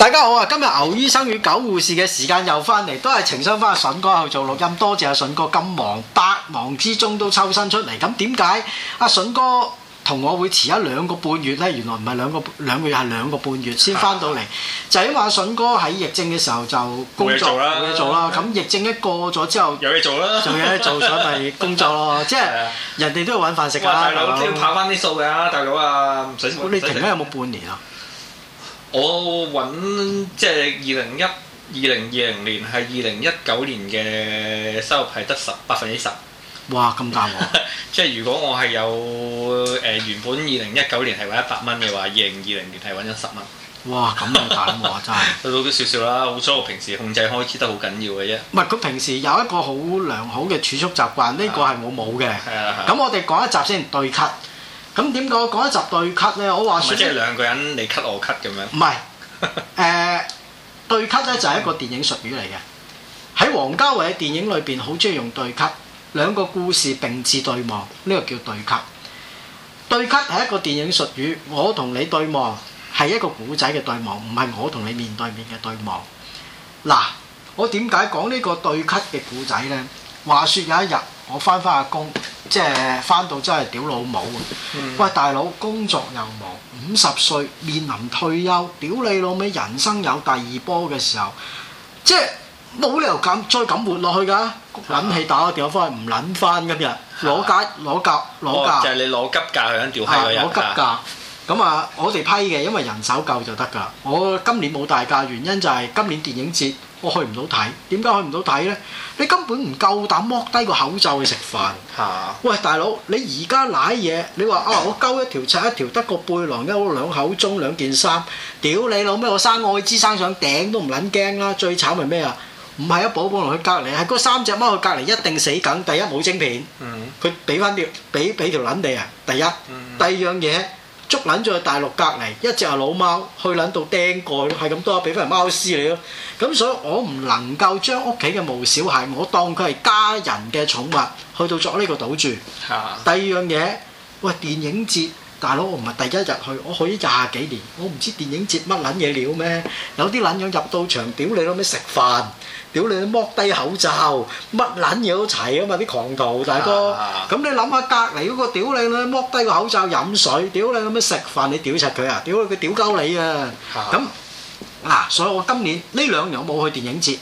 大家好啊！今日牛醫生與狗護士嘅時間又翻嚟，都係情商翻阿筍哥去做錄音，多謝阿筍哥咁忙百忙之中都抽身出嚟。咁點解阿筍哥同我會遲一兩個半月咧？原來唔係兩個兩個月，係兩個半月先翻到嚟，就係因為阿筍哥喺疫症嘅時候就工作做啦，冇嘢做啦。咁疫症一過咗之後，有嘢做啦，有嘢做所以咪工作咯。即係人哋都要搵飯食噶大佬要跑翻啲數噶大佬啊，唔使。咁你停咗有冇半年啊？我揾即係二零一二零二零年係二零一九年嘅收入係得十百分之十。哇！咁大鑊， 即係如果我係有誒、呃、原本二零一九年係揾一百蚊嘅話，二零二零年係揾咗十蚊。哇！咁大鑊，真係。做到 少少啦，好在我平時控制開支得好緊要嘅啫。唔係，咁平時有一個好良好嘅儲蓄習慣，呢、這個係 我冇嘅。咁我哋講一集先對 Cut。咁點解我講一集對咳呢？我話説唔即係兩個人你咳我咳 u 咁樣？唔係是，誒、 呃、對咳呢就係一個電影術語嚟嘅。喺王家偉嘅電影裏邊好中意用對咳。u t 兩個故事並置對望，呢、這個叫對咳。u t 對 c 係一個電影術語，我同你對望係一個古仔嘅對望，唔係我同你面對面嘅對望。嗱，我點解講呢個對咳嘅古仔呢？話説有一日我翻翻下工，即係翻到真係屌老母、嗯、喂，大佬工作又忙，五十歲面臨退休，屌你老味。人生有第二波嘅時候，即係冇理由咁再咁活落去㗎！諗起打個電話翻去唔諗翻今日，攞價攞價攞價，就係、是、你攞急價響吊閪嗰日。咁啊，我哋批嘅，因為人手夠就得㗎。我今年冇大假，原因就係今年電影節我去唔到睇。點解去唔到睇呢？你根本唔夠膽剝低個口罩去食飯。嚇！啊、喂，大佬，你而家賴嘢，你話啊，我揪一條拆一條，得個背囊一兩口，口盅兩件衫。屌你老咩！我生艾滋生上頂都唔撚驚啦。最慘係咩啊？唔係一保保落去隔離，係嗰三隻貓去隔離一定死梗。第一冇晶片，嗯，佢俾翻條俾俾條撚地啊！第一，第二樣嘢。捉撚咗去大陸隔離，一隻係老貓，去撚到釘蓋咯，係咁多，俾翻嚟貓屍你咯。咁所以，我唔能夠將屋企嘅毛小孩，我當佢係家人嘅寵物，去到作呢個賭注。第二樣嘢，喂，電影節，大佬我唔係第一日去，我去咗廿幾年，我唔知電影節乜撚嘢料咩？有啲撚樣入到場，屌你老味食飯。屌你，你剝低口罩，乜撚嘢都齊啊嘛！啲狂徒大哥，咁、啊、你諗下隔離嗰個屌你，你剝低個口罩飲水，屌你咁樣食飯，你屌柒佢啊！屌佢，佢屌鳩你啊！咁嗱，所以我今年呢兩年我冇去電影節。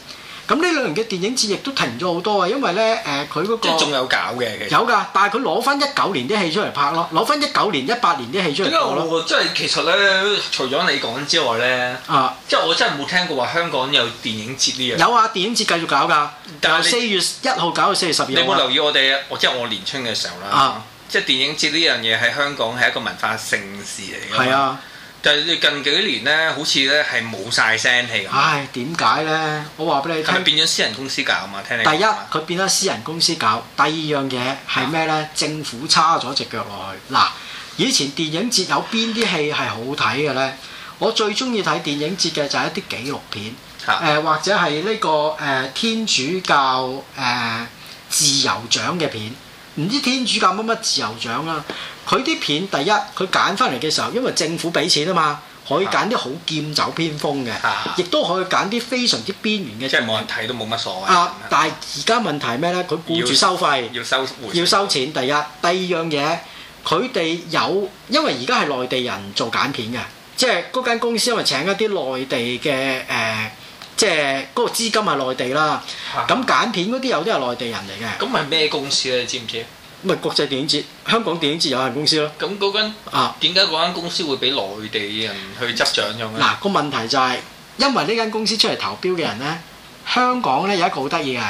咁呢兩年嘅電影節亦都停咗好多啊，因為咧誒，佢、呃、嗰、嗰個即仲有搞嘅，有㗎，但係佢攞翻一九年啲戲出嚟拍咯，攞翻一九年、一八年啲戲出嚟拍咯。點解我即係其實咧，除咗你講之外咧，啊，即係我真係冇聽過話香港有電影節呢樣。有啊，電影節繼續搞㗎，但由四月一號搞到四月十二號。你冇留意我哋？我即係我年青嘅時候啦，啊啊、即係電影節呢樣嘢喺香港係一個文化盛事嚟。係啊。但係近幾年咧，好似咧係冇晒聲氣唉，點解咧？我話俾你聽，係咪變咗私人公司搞嘛？聽你。第一，佢變咗私人公司搞；第二樣嘢係咩咧？啊、政府叉咗隻腳落去。嗱，以前電影節有邊啲戲係好睇嘅咧？我最中意睇電影節嘅就係一啲紀錄片，誒、啊呃、或者係呢、呢個誒、呃、天主教誒、呃、自由獎嘅片，唔知天主教乜乜自由獎啊？佢啲片第一，佢揀翻嚟嘅時候，因為政府俾錢啊嘛，可以揀啲好劍走偏鋒嘅，亦都、啊、可以揀啲非常之邊緣嘅，即係冇人睇都冇乜所謂。啊！但係而家問題係咩咧？佢顧住收費，要收要收，要收錢。第一，第二樣嘢，佢哋有，因為而家係內地人做揀片嘅，即係嗰間公司因為請一啲內地嘅誒、呃，即係嗰個資金係內地啦。咁揀、啊、片嗰啲有啲係內地人嚟嘅。咁係咩公司咧？你知唔知？咪國際電影節，香港電影節有限公司咯。咁嗰間啊，點解嗰間公司會俾內地人去執掌咁啊？嗱，個問題就係，因為呢間公司出嚟投標嘅人咧，香港咧有一個好得意嘅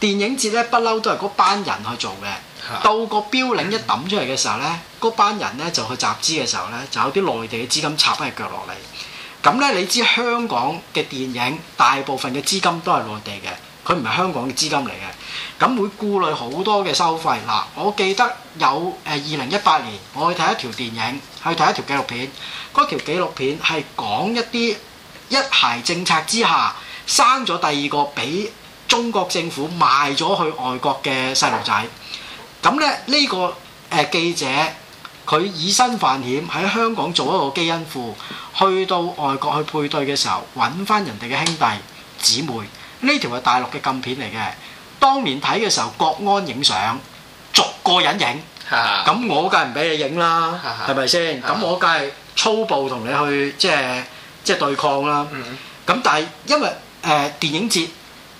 電影節咧，不嬲都係嗰班人去做嘅。到個標領一抌出嚟嘅時候咧，嗰班人咧就去集資嘅時候咧，就有啲內地嘅資金插翻隻腳落嚟。咁咧，你知香港嘅電影大部分嘅資金都係內地嘅。佢唔係香港嘅資金嚟嘅，咁會顧慮好多嘅收費。嗱，我記得有誒、二零一八年，我去睇一條電影，去睇一條紀錄片。嗰條紀錄片係講一啲一孩政策之下生咗第二個俾中國政府賣咗去外國嘅細路仔。咁咧呢個誒、記者，佢以身犯險喺香港做一個基因庫，去到外國去配對嘅時候，揾翻人哋嘅兄弟姊妹。呢條係大陸嘅禁片嚟嘅，當年睇嘅時候，國安影相，逐個人影，咁哈我梗係唔俾你影啦，係咪先？咁哈我梗係粗暴同你去即係即係對抗啦。咁、嗯、但係因為誒、呃、電影節，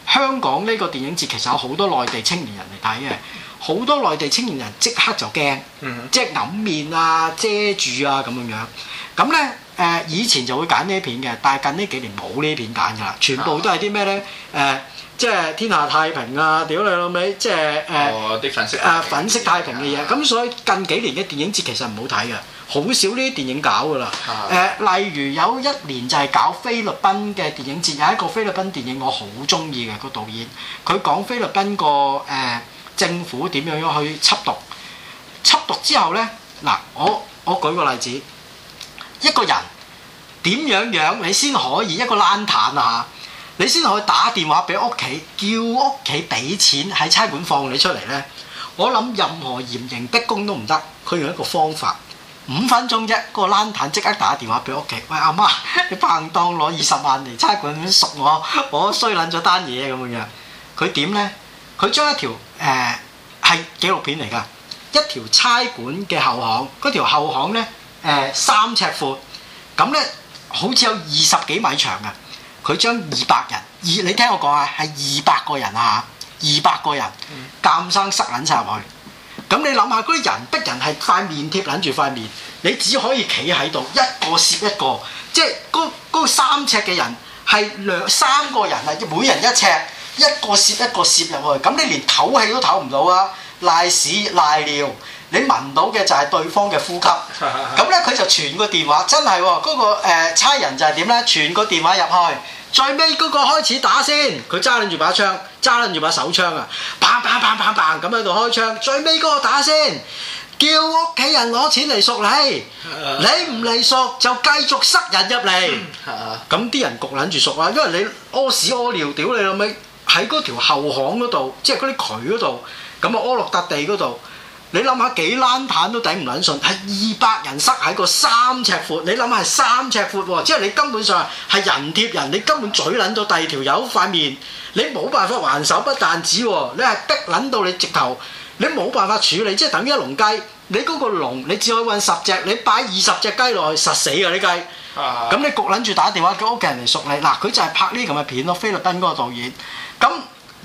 香港呢個電影節其實有好多內地青年人嚟睇嘅，好多內地青年人即刻就驚，嗯、即係揞面啊、遮住啊咁樣樣，咁咧。誒、呃、以前就會揀呢啲片嘅，但係近呢幾年冇呢片揀㗎啦，全部都係啲咩呢？誒、呃，即係天下太平啊！屌你老味」，即係誒，啲、呃哦、粉色誒粉，粉色太平嘅嘢。咁、啊、所以近幾年嘅電影節其實唔好睇嘅，好少呢啲電影搞㗎啦。誒、啊呃，例如有一年就係搞菲律賓嘅電影節，有一個菲律賓電影我好中意嘅個導演，佢講菲律賓個誒、呃、政府點樣去緝毒，緝毒之後呢，嗱，我我，我，我舉個例子。一個人點樣樣你先可以一個攔壇啊嚇！你先可以打電話俾屋企，叫屋企俾錢喺差館放你出嚟呢。我諗任何嚴刑逼供都唔得，佢用一個方法，五分鐘啫，個攔壇即刻打電話俾屋企。喂，阿媽，你棒當攞二十萬嚟差館贖我，我衰捻咗單嘢咁樣。佢點呢？佢將一條誒係紀錄片嚟㗎，一條差館嘅後巷，嗰條後巷呢。三尺闊，咁呢好似有二十幾米長啊！佢將二百人，二你聽我講啊，係二百個人啊，二百個人監、嗯、生塞撚晒入去。咁你諗下嗰啲人逼人係塊面貼撚住塊面，你只可以企喺度一個攝一個，即係嗰三尺嘅人係兩三個人啊，每人一尺，一個攝一個攝入去。咁你連唞氣都唞唔到啊！瀨屎瀨尿。你聞到嘅就係對方嘅呼吸，咁呢，佢就傳個電話，真係喎嗰個差人、呃、就係點呢？傳個電話入去，最尾嗰個開始打先，佢揸撚住把槍，揸撚住把手槍啊，bang bang bang bang bang 咁喺度開槍，最尾嗰個打先，叫屋企人攞錢嚟贖你， 你唔嚟贖就繼續塞人入嚟，咁啲 人焗撚住贖啦，因為你屙屎屙尿，屌你老味喺嗰條後巷嗰度，即係嗰啲渠嗰度，咁啊屙落笪地嗰度。你諗下幾爛棒都頂唔撚順，順，係二百人塞喺個三尺闊，你諗下係三尺闊喎，即係你根本上係人貼人，你根本嘴撚到第二條友塊面，你冇辦法還手不但止喎，你係逼撚到你直頭，你冇辦法處理，即係等於一籠雞，你嗰個籠你只可以運十隻，你擺二十隻雞落去實死㗎啲雞，咁、啊、你焗撚住打電話叫屋企人嚟贖你，嗱佢就係拍呢咁嘅片咯，菲律賓嗰個導演，咁。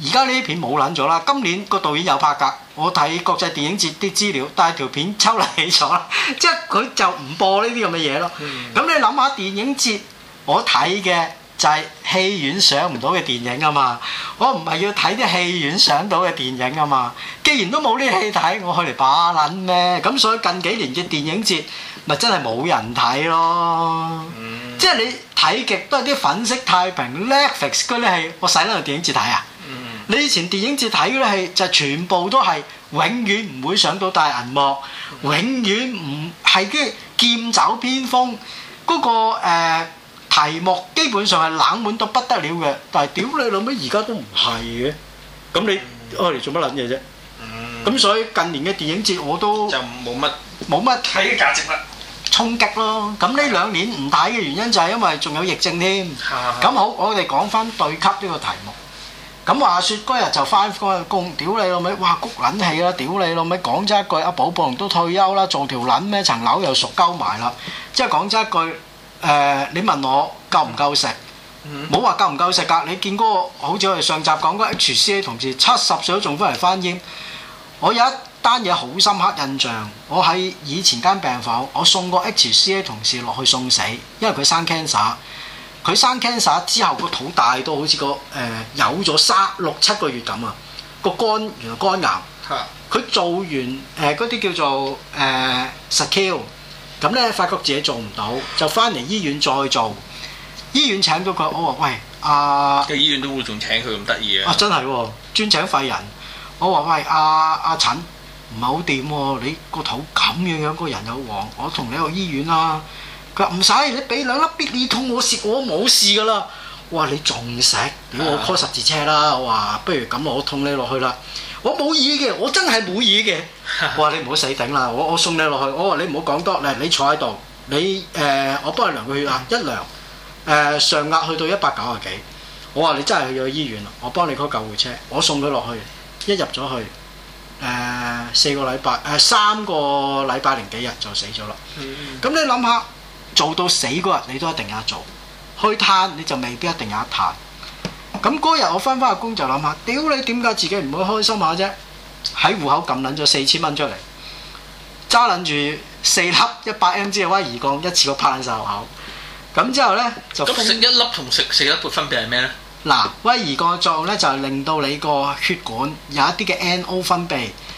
而家呢啲片冇撚咗啦，今年個導演有拍㗎。我睇國際電影節啲資料，但係條片抽離起咗， 即係佢就唔播呢啲咁嘅嘢咯。咁、嗯、你諗下電影節，我睇嘅就係戲院上唔到嘅電影啊嘛。我唔係要睇啲戲院上到嘅電影啊嘛。既然都冇呢戲睇，我去嚟把撚咩？咁所以近幾年嘅電影節咪真係冇人睇咯。嗯、即係你睇極都係啲粉飾太平 Netflix 嗰啲戲，我使得去電影節睇啊？你以前電影節睇嘅咧，係就全部都係永遠唔會上到大銀幕，永遠唔係啲劍走偏鋒嗰個誒題目，基本上係冷門到不得了嘅。但係屌你老味，而家都唔係嘅，咁你開嚟做乜撚嘢啫？咁所以近年嘅電影節我都就冇乜冇乜睇嘅價值啦，衝擊咯。咁呢兩年唔睇嘅原因就係因為仲有疫症添。咁好，我哋講翻對 Cut 呢個題目。咁話説嗰日就返工，屌你老味，哇谷撚氣啦！屌你老味，講咗一句，阿寶寶都退休啦，撞條撚咩層樓又熟鳩埋啦，即係講咗一句，誒、呃、你問我夠唔夠食？冇好話夠唔夠食㗎，你見嗰、那個好似我哋上集講嗰 HCA 同事七十歲都仲翻嚟翻英，我有一單嘢好深刻印象，我喺以前間病房，我送過 HCA 同事落去送死，因為佢生 cancer。佢生 cancer 之後個肚大到好似個誒有咗三六七個月咁啊，個肝原來肝癌。係。佢做完誒嗰啲叫做誒、呃、surgery 咁咧，發覺自己做唔到，就翻嚟醫院再做。醫院請咗佢，我話喂啊，即係醫院都會仲請佢咁得意啊？啊真係喎、哦，專請廢人。我話喂阿阿、啊啊啊、陳唔係好掂喎，你個肚咁樣樣，個人又黃，我同你去醫院啦。佢話唔使，你俾兩粒必理痛我食，我冇事噶啦。哇！你仲食？屌我 call 十字車啦！我話不如咁，我痛你落去啦。我冇嘢嘅，我真係冇嘢嘅。我話 你唔好死頂啦！我我送你落去。我話你唔好講多，你坐喺度。你誒、呃、我幫你量個血壓，一量誒、呃、上壓去到一百九啊幾。我話你真係去咗醫院啦，我幫你 call 救護車，我送佢落去。一入咗去誒、呃、四個禮拜誒、呃、三個禮拜零幾日就死咗啦。咁、嗯、你諗下？做到死嗰日，你都一定有得做；去攤你就未必一定有得攤。咁嗰日我翻返下工就諗下，屌你點解自己唔會開心下啫？喺戶口撳撚咗四千蚊出嚟，揸撚住四粒一百 mg 嘅威而鋼，一次過拍撚曬戶口。咁之後呢，就咁食、嗯、一粒同食食四粒分別係咩咧？嗱，威而鋼嘅作用呢，就係、是、令到你個血管有一啲嘅 NO 分泌。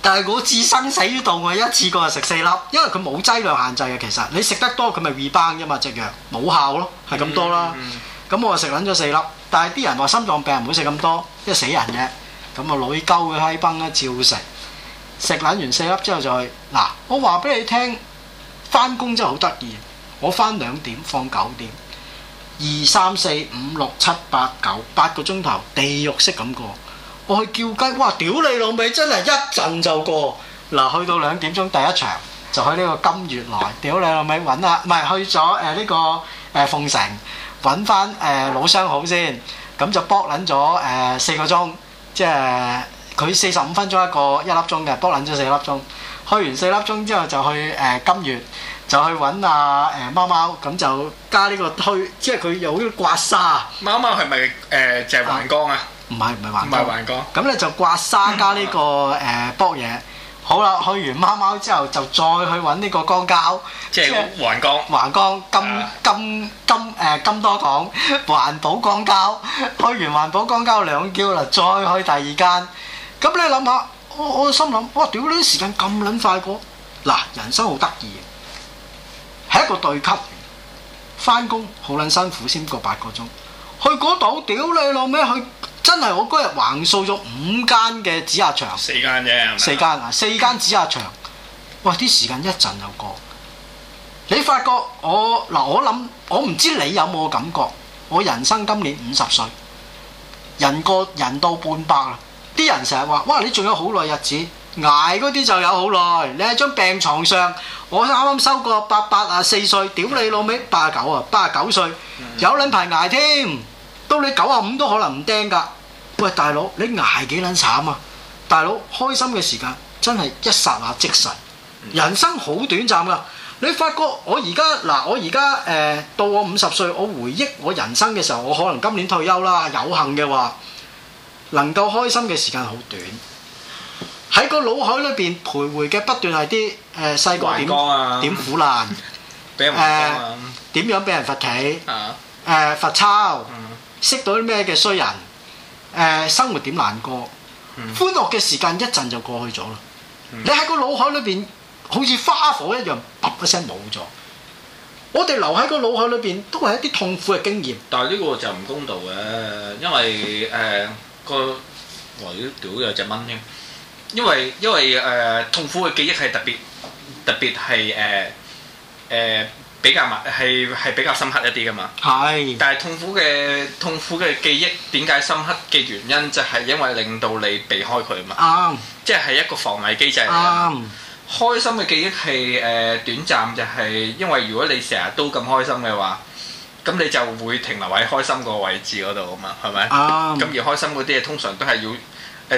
但係我自生死於度，我一次過就食四粒，因為佢冇劑量限制嘅其實，你食得多佢咪 rebound 啫嘛，隻藥冇效咯，係咁多啦。咁、嗯嗯嗯、我就食撚咗四粒，但係啲人話心臟病唔好食咁多，即係死人嘅。咁我女鳩佢閪崩啦，照食。食撚完四粒之後就去嗱，我話俾你聽，返工真係好得意。我返兩點放九點，二三四五六七八九八個鐘頭，地獄式咁過。我去叫雞，哇！屌你老味，真係一陣就過。嗱，去到兩點鐘第一場，就去呢個金月來， 屌你老味揾啊！唔係去咗誒呢個誒、呃、鳳城揾翻誒老相好先，咁就搏撚咗誒四個鐘，即係佢四十五分鐘一個一粒鐘嘅，搏撚咗四粒鐘。去完四粒鐘之後就去誒、呃、金月，就去揾阿誒貓貓，咁就加呢、呢個推，即係佢有啲刮沙。貓貓係咪誒鄭橫江啊？啊唔係，唔係環江，咁你就刮沙加呢個誒卜嘢。好啦，去完貓貓之後就再去揾呢個江郊，即係環江、環江、金、金、金誒金多港環保江郊。去完環保江郊兩嬌啦，再去第二間咁你。諗下我，我心諗哇，屌你時間咁撚快過。嗱，人生好得意，係一個對級翻工好撚辛苦先過八個鐘去嗰度，屌你老咩去！真係我嗰日橫掃咗五間嘅指壓場，四間啫係咪？四間啊，四間指壓場。哇，啲時間一陣就過。你發覺我嗱，我諗我唔知你有冇感覺。我人生今年五十歲，人過人到半百啦。啲人成日話，哇，你仲有好耐日子挨嗰啲就有好耐。你喺張病床上，我啱啱收過八八啊四歲，屌你老味，八啊九啊，八啊九歲，有捻排挨添。到你九啊五都可能唔釘噶。喂，大佬，你捱幾撚慘啊？大佬，開心嘅時間真係一剎那即逝，人生好短暫噶。你發覺我而家嗱，我而家誒到我五十歲，我回憶我人生嘅時候，我可能今年退休啦，有幸嘅話，能夠開心嘅時間好短。喺個腦海裏邊徘徊嘅不斷係啲誒細個點點苦難，誒點樣俾人罰企，誒罰抄，識到啲咩嘅衰人。誒生活點難過，歡樂嘅時間一陣就過去咗啦。嗯、你喺個腦海裏邊，好似花火一樣，啪一聲冇咗。我哋留喺個腦海裏邊，都係一啲痛苦嘅經驗。但係呢個就唔公道嘅，因為誒、呃、個我啲吊有隻蚊添，因為因為誒、呃、痛苦嘅記憶係特別特別係誒誒。呃呃比較埋係係比較深刻一啲㗎嘛，係是。但係痛苦嘅痛苦嘅記憶點解深刻嘅原因就係、是、因為令到你避開佢啊嘛，啊即係一個防衛機制嚟嘅。啱、啊。開心嘅記憶係誒、呃、短暫、就是，就係因為如果你成日都咁開心嘅話，咁你就會停留喺開心個位置嗰度啊嘛，係咪？啱、啊。咁而開心嗰啲嘢通常都係要。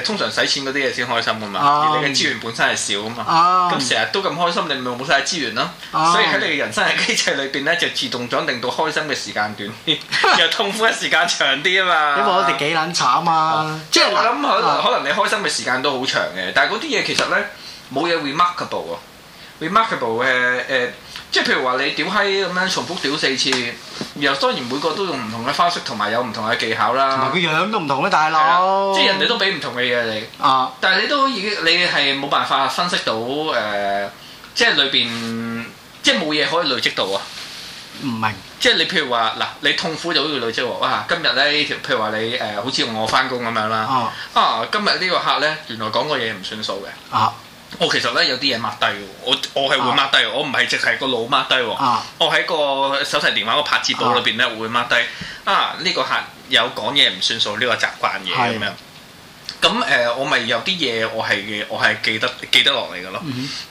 通常使錢嗰啲嘢先開心嘅嘛，啊、而你嘅資源本身係少啊嘛，咁成日都咁開心，你咪冇晒資源咯。啊、所以喺你嘅人生嘅機制裏邊咧，就自動長定到開心嘅時間短啲，啊、又痛苦嘅時間長啲啊嘛。你話我哋幾撚慘啊？即、啊、我諗可能可能你開心嘅時間都好長嘅，但係嗰啲嘢其實咧冇嘢 remarkable 喎、啊。remarkable 誒誒，即係譬如話你屌閪咁樣重複屌四次。又當然每個都用唔同嘅方式有有同埋有唔同嘅技巧啦，同埋佢樣都唔同嘅大佬。即係人哋都俾唔同嘅嘢你。啊！但係你都已經，你係冇辦法分析到誒、呃，即係裏邊即係冇嘢可以累積到啊。唔明。即係你譬如話嗱，你痛苦就好似累積喎，哇！今日咧呢條，譬如話你誒，好似我翻工咁樣啦。啊！今日呢、呃啊啊、今日呢個客咧，原來講個嘢唔算數嘅。啊！我其實咧有啲嘢抹低，我我係會抹低，啊、我唔係淨係個腦抹低、啊、我喺個手提電話個拍字簿裏邊咧會抹低啊！呢、呢個客有講嘢唔算數呢、呢個習慣嘢咁的樣。咁誒、呃，我咪有啲嘢我係我係記得記得落嚟嘅咯。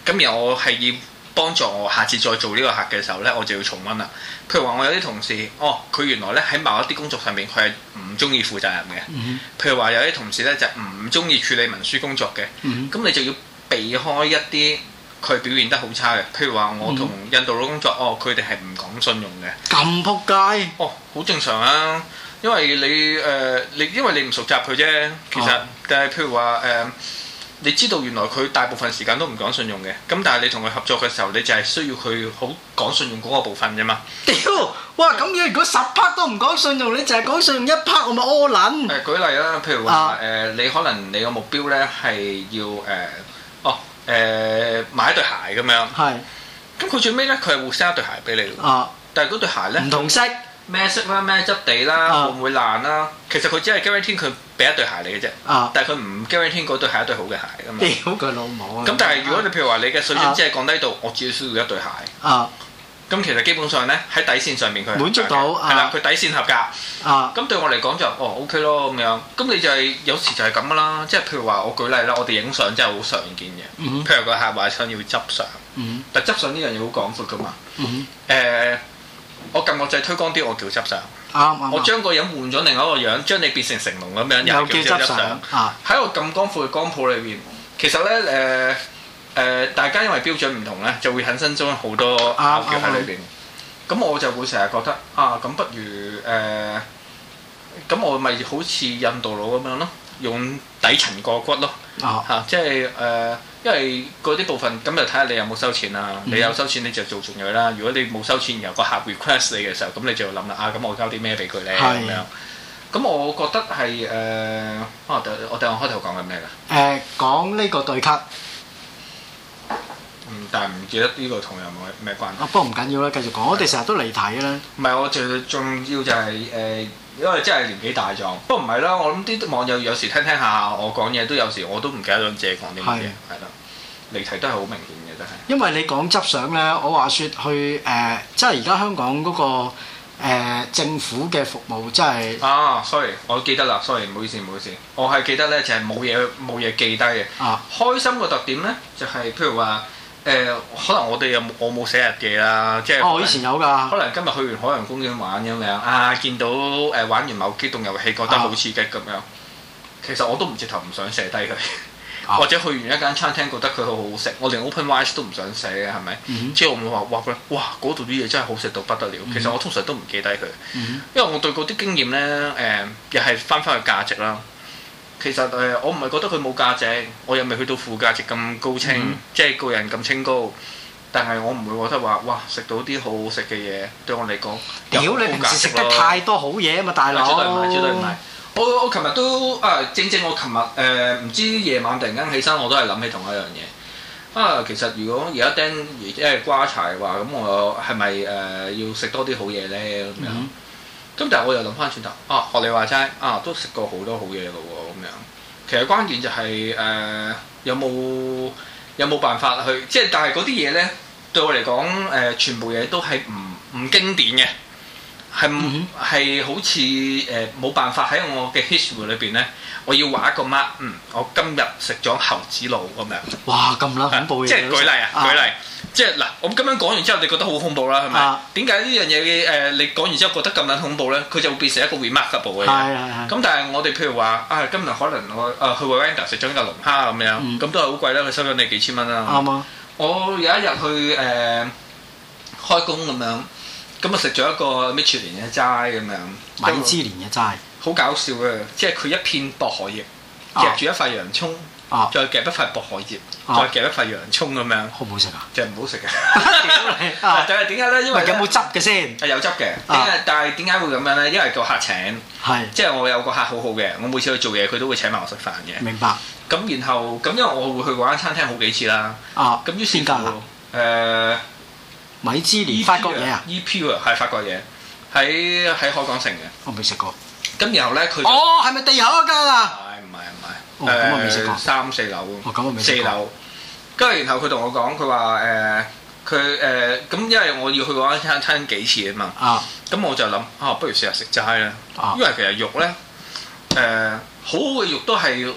咁然後我係要幫助我下次再做呢個客嘅時候咧，我就要重溫啦。譬如話，我有啲同事，哦，佢原來咧喺某一啲工作上面佢係唔中意負責任嘅。嗯、哼譬如話有啲同事咧就唔中意處理文書工作嘅。咁你就要。避開一啲佢表現得好差嘅，譬如話我同印度佬工作，哦，佢哋係唔講信用嘅。咁撲街！哦，好正常啊，因為你誒你因為你唔熟習佢啫，其實但係譬如話誒，你知道原來佢大部分時間都唔講信用嘅，咁但係你同佢合作嘅時候，你就係需要佢好講信用嗰個部分啫嘛。屌，哇！咁樣如果十 part 都唔講信用，你就係講信用一 part，我咪屙撚。誒，舉例啦，譬如話誒，你可能你個目標咧係要誒。誒、呃、買對鞋咁樣，咁佢是最尾咧，佢係會 send 一對鞋俾你啊，但係嗰對鞋咧，唔同色，咩色啦，咩質地啦，啊、會唔會爛啦、啊？其實佢只係 guarantee 佢俾一對鞋你嘅啫。啊、但係佢唔 guarantee 嗰對係一對好嘅鞋㗎嘛。屌佢老母啊！咁但係如果你譬如話你嘅、啊、水平只係降低到我只需要輸一對鞋。啊。咁其實基本上咧，喺底線上面，佢滿足到，係、啊、啦，佢底線合格。咁、啊、對我嚟講就，哦 O、okay、K 咯咁樣。咁你就係、是、有時就係咁噶啦，即係譬如話我舉例啦，我哋影相真係好常見嘅。嗯、譬如個客話想要執相，嗯、但執相呢樣嘢好廣闊㗎嘛。誒、嗯呃，我撳我就係推光啲我叫執相。啱、嗯嗯、我將個人換咗另一個樣，將你變成成龍咁樣又叫執相。喺、啊、我咁光闊嘅光譜裏面，其實咧誒。呃呃誒，大家因為標準唔同咧，就會產生咗好多拗交喺裏邊。咁、啊啊啊啊、我就會成日覺得啊，咁不如誒，咁、呃、我咪好似印度佬咁樣咯，用底層過骨咯、啊啊、即係誒、呃，因為嗰啲部分咁就睇下你有冇收錢啦。你有收錢你就做重要啦。如果你冇收錢，然後個客 request 你嘅時候，咁你就諗啦啊，咁我交啲咩俾佢咧咁樣。咁我覺得係誒，啊、呃，我哋我，我，我開頭講緊咩噶？誒、呃，講呢個對 Cut。但係唔記得呢個同人冇咩關係。不過唔緊要啦，繼續講，是的 我哋成日都離題啦。唔係，我最重要就係、是、誒、呃，因為真係年紀大咗。不過唔係啦，我諗啲網友有時聽聽下我講嘢，都有時我都唔記得想自己講啲乜嘢，係啦是的，離題都係好明顯嘅，真係。因為你講執相呢，我話説去誒、呃，即係而家香港嗰、那個、呃、政府嘅服務真係。啊，sorry，我記得啦，sorry，唔好意思，唔好意思。我係記得呢，就係冇嘢冇嘢記低嘅。啊。開心個特點呢，就係、是、譬如話。誒、呃、可能我哋有我冇寫日記啦，即係、哦、我以前有㗎。可能今日去完海洋公園玩咁樣啊，見到誒、呃、玩完某機動遊戲覺得好刺激咁樣。啊、其實我都唔直頭唔想寫低佢，啊、或者去完一間餐廳覺得佢好好食，我連 Open Rice 都唔想寫嘅，係咪？嗯、哼即我會話哇嗰哇度啲嘢真係好食到不得了。嗯、哼其實我通常都唔記低佢，因為我對嗰啲經驗咧誒、呃、又係翻返去價值啦。其實誒，我唔係覺得佢冇價值，我又未去到負價值咁高清，嗯、即係個人咁清高。但係我唔會覺得話，哇！食到啲好好食嘅嘢，對我嚟講，屌你平時食得太多好嘢啊嘛，大佬。絕對唔係，絕對唔係，我我琴日都誒、啊，正正我琴日誒，唔、呃、知夜晚突然間起身，我都係諗起同一樣嘢。啊，其實如果而家釘，而家瓜柴話，咁我係咪誒要食多啲好嘢咧咁樣？嗯咁但係我又諗翻轉頭，啊學你話齋，啊都食過好多好嘢咯喎，咁樣其實關鍵就係誒有冇有冇辦法去，即係但係嗰啲嘢呢，對我嚟講誒，全部嘢都係唔唔經典嘅。係係好似誒冇辦法喺我嘅 history 裏邊咧，我要畫一個 mark，嗯，我今日食咗猴子腦咁樣。哇！咁撚恐怖嘢。即係舉例啊，舉例，即係嗱，我咁樣講完之後，你覺得好恐怖啦，係咪？點解呢樣嘢嘅誒？你講完之後覺得咁撚恐怖咧？佢就會變成一個 remarkable 嘅嘢。係係係。咁但係我哋譬如話啊，今日可能我啊去 Vancouver 食咗呢個龍蝦咁樣，咁都係好貴啦，佢收咗你幾千蚊啦。啱啊！我有一日去誒開工咁樣。咁我食咗一個咩綺蓮嘅齋咁樣，米芝蓮嘅齋，好搞笑嘅，即係佢一片薄荷葉夾住一塊洋葱，再夾一塊薄荷葉，再夾一塊洋葱咁樣，好唔好食啊？就唔好食嘅。但係點解咧？因為有冇汁嘅先？係有汁嘅。但係點解會咁樣咧？因為個客請。係。即係我有個客好好嘅，我每次去做嘢，佢都會請埋我食飯嘅。明白。咁然後咁，因為我會去嗰間餐廳好幾次啦。啊。咁於是乎，誒。米芝蓮法國嘢啊，EPU 啊，係、啊、法國嘢，喺喺海港城嘅。我未食過。咁然後咧佢，哦係咪地下嗰間啊？係唔係唔係？哦咁我未食過。嗯嗯、三四樓啊，四樓。跟住、哦、然後佢同我講，佢話誒，佢誒咁，因為我要去嗰間餐餐廳幾次啊嘛。啊。咁我就諗啊，不如試下食齋啦。因為其實肉咧，誒、呃、好好嘅肉都係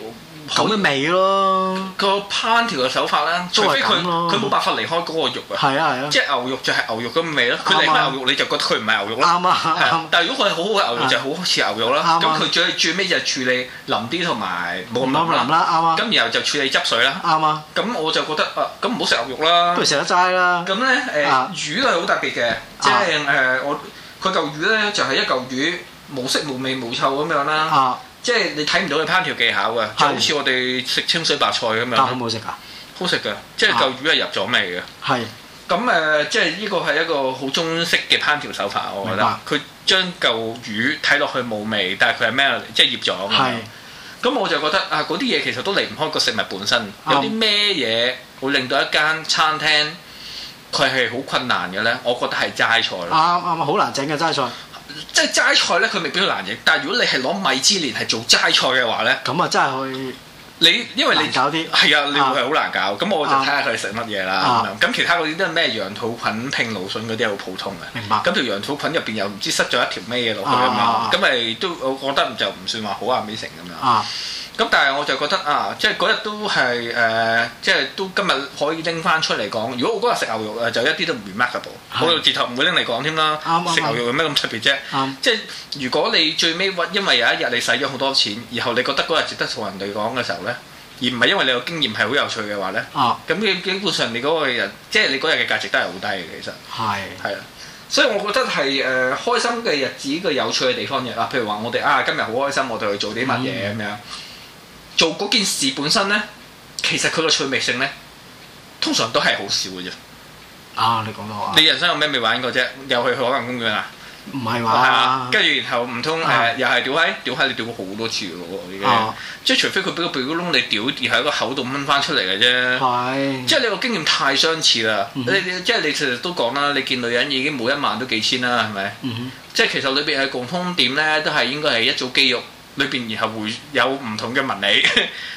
咁嘅味咯，個烹調嘅手法啦，除非佢佢冇辦法離開嗰個肉啊。係啊係啊，即係牛肉就係牛肉嘅味咯。佢離開牛肉你就覺得佢唔係牛肉啦。啱啊，啱。但係如果佢係好好嘅牛肉就好似牛肉啦。咁佢最最尾就處理淋啲同埋冇咁淋啦。啱啊。咁然後就處理汁水啦。啱啊。咁我就覺得啊，咁唔好食牛肉啦。不如食得齋啦。咁咧誒，魚都係好特別嘅，即係誒我佢嚿魚咧就係一嚿魚無色無味無臭咁樣啦。即係你睇唔到佢烹調技巧㗎，就好似我哋食清水白菜咁樣。好唔好食㗎？啊，好食嘅，即係嚿魚係入咗味嘅。係咁誒，即係呢個係一個好中式嘅烹調手法，我覺得。明白。佢將嚿魚睇落去冇味，但係佢係咩？即係醃咗咁的、嗯、我就覺得啊，嗰啲嘢其實都離唔開個食物本身。有啲咩嘢會令到一間餐廳佢係好困難嘅咧？我覺得係齋菜咯。啱啱好難整嘅齋菜。啊啊即係齋菜咧，佢未必難食，但係如果你係攞米芝蓮係做齋菜嘅話咧，咁啊真係去你，因為你搞啲，係啊，你會係好難搞。咁我就睇下佢食乜嘢啦。咁其他嗰啲都係咩羊肚菌、拼蘆筍嗰啲，係好普通嘅。明白。咁條羊肚菌入邊又唔知塞咗一條咩嘢落去咁樣，咁咪都我覺得就唔算話好啱味成咁樣。啊。咁但係我就覺得啊，即係嗰日都係誒、呃，即係都今日可以拎翻出嚟講。如果我嗰日食牛肉啊，就一啲都唔 remark 到，able, 的我到直頭唔會拎嚟講添啦。食對牛肉有咩咁特別啫？對即係如果你最尾因為有一日你使咗好多錢，然後你覺得嗰日值得同人哋講嘅時候咧，而唔係因為你個經驗係好有趣嘅話咧，咁嘅、啊、基本上你嗰個人，即係你嗰日嘅價值都係好低嘅。其實係係啦，所以我覺得係誒、呃、開心嘅日子一個有趣嘅地方嘅啊，譬如話我哋啊今日好開心，我哋去做啲乜嘢咁樣。 做嗰件事本身咧，其實佢個趣味性咧，通常都係好少嘅啫。啊，你講得我，你人生有咩未玩過啫？又去海洋公園啊？唔係喎，跟住然後唔通誒，又係屌閪，屌閪你屌過好多次嘅喎已經。即係除非佢俾個鼻骨窿你屌，而喺個口度掹翻出嚟嘅啫。係，即係你個經驗太相似啦。即係你其實都講啦，你見女人已經冇一萬都幾千啦，係咪？即係其實裏邊係共通點咧，都係應該係一組肌肉。裏邊然後會有唔同嘅文理，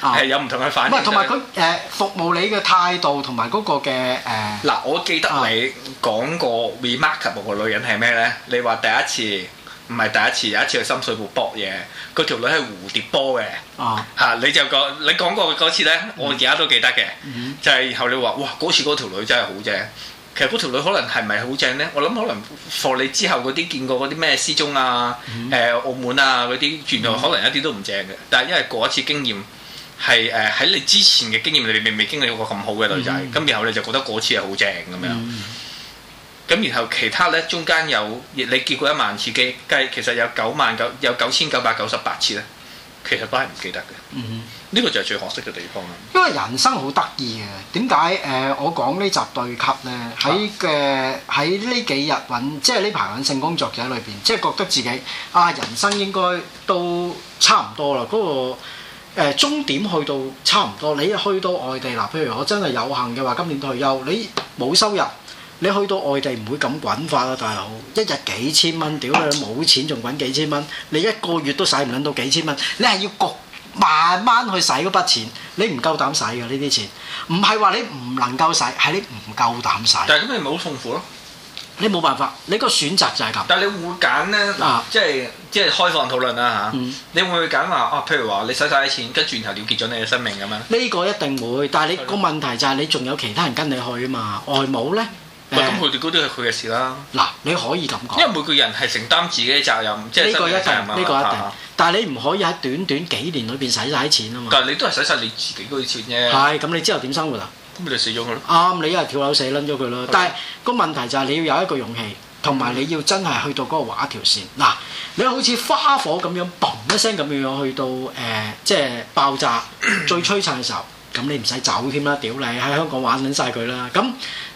係、啊、 有唔同嘅反應。同埋佢誒服務你嘅態度同埋嗰個嘅誒。嗱、呃，我記得你講過 remarkable、啊、個女人係咩咧？你話第一次，唔係第一次，有一次去深水埗搏嘢，嗰、那、條、個、女係蝴蝶波嘅。啊，嚇、啊！你就講你講過嗰次咧，我而家都記得嘅，嗯嗯、就係然後你話哇，嗰次嗰條女真係好正。其實嗰條女可能係咪好正咧？我諗可能放你之後嗰啲見過嗰啲咩斯中啊、誒、嗯呃、澳門啊嗰啲，原來可能一啲都唔正嘅。嗯、但係因為嗰一次經驗係誒喺你之前嘅經驗裏面未未經歷過咁好嘅女仔，咁、嗯嗯、然後你就覺得嗰次係好正咁樣。咁、嗯嗯嗯、然後其他咧，中間有你見過一萬次嘅，計其實有九萬九有九千九百九十八次咧，其實都係唔記得嘅。嗯嗯呢個就係最可惜嘅地方啦。因為人生好得意啊！點解誒我講呢集對 Cut 呢，喺嘅喺呢幾日揾，即係呢排揾性工作者喺裏邊，即係覺得自己啊，人生應該都差唔多啦。嗰、嗰個誒終、呃、點去到差唔多。你一去到外地嗱，譬如我真係有幸嘅話，今年退休，你冇收入，你去到外地唔會咁滾法啦，大佬！一日幾千蚊，屌你冇錢仲揾幾千蚊，你一個月都使唔撚到幾千蚊，你係要焗。慢慢去使嗰筆錢，你唔夠膽使嘅呢啲錢，唔係話你唔能夠使，係你唔夠膽使。但係咁你咪好痛苦咯，你冇辦法，你個選擇就係咁。但係你會揀呢？嗱、啊，即係即係開放討論啦嚇。嗯、你會唔會揀話啊？譬如話你使晒啲錢，跟住然後了結咗你嘅生命咁樣？呢個一定會，但係你個的問題就係你仲有其他人跟你去啊嘛，外母呢？咁佢哋嗰啲係佢嘅事啦。嗱，你可以咁講，因為每個人係承擔自己嘅責任，即係身為責任呢個一定啊嘛嚇。但係你唔可以喺短短幾年裏邊使晒錢啊嘛。但係你都係使晒你自己嗰啲錢啫。係，咁你之後點生活啊？咁咪就死咗佢咯。啱，你又係跳樓死撚咗佢咯。的但係、個問題就係你要有一個勇氣，同埋你要真係去到嗰個畫一條線。嗱，你好似花火咁樣，嘣一聲咁樣去到誒、呃，即係爆炸 最璀璨嘅時候，咁你唔使走添啦，屌你喺香港玩撚晒佢啦，咁。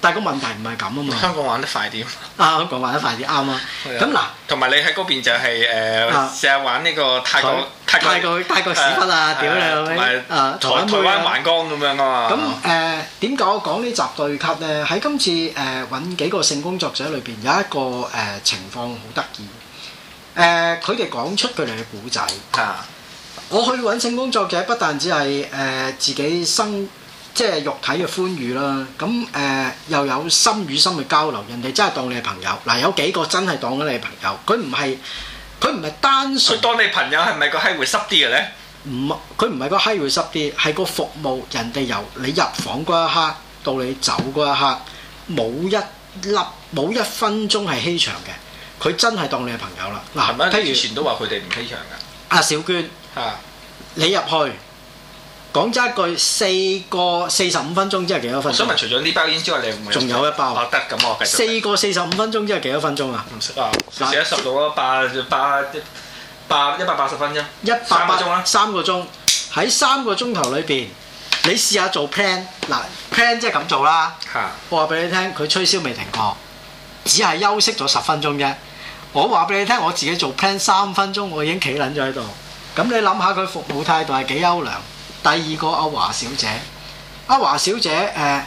但個問題唔係咁啊嘛，香港玩得快啲。啊，香港玩得快啲，啱啊。咁嗱，同埋你喺嗰邊就係誒成日玩呢個泰國泰泰國泰國屎忽啊，屌你！啊台台灣環江咁樣啊嘛。咁誒點解我講呢集對 Cut 咧，喺今次誒揾幾個性工作者裏邊，有一個誒情況好得意。誒，佢哋講出佢哋嘅古仔。啊，我去揾性工作者，不但只係誒自己生。即係肉體嘅歡愉啦，咁誒、呃、又有心與心嘅交流，人哋真係當你係朋友。嗱，有幾個真係當咗你係朋友，佢唔係佢唔係單純當你朋友係咪個閪會濕啲嘅咧？唔，佢唔係個閪會濕啲，係個服務人哋由你入房嗰一刻到你走嗰一刻，冇一粒冇一分鐘係欺場嘅，佢真係當你係朋友啦。嗱，譬如以、啊、前都話佢哋唔欺場㗎。阿、啊、小娟，嚇、啊、你入去。講真一句，四個四十五分鐘即係幾多分鐘？想問除咗呢包煙之外，你仲有一包。得咁我計四個四十五分鐘即係幾多分鐘啊？唔識啊，寫十六咯，八八八一百八十分啫。一百八十分鐘，三個鐘喺三個鐘頭裏邊，你試下做 plan 嗱、啊、plan 即係咁做啦。的我話俾你聽，佢吹簫未停過，只係休息咗十分鐘啫。我話俾你聽，我自己做 plan 三分鐘，我已經企撚咗喺度。咁你諗下佢服務態度係幾優良？第二個，阿華小姐，阿華小姐誒、呃、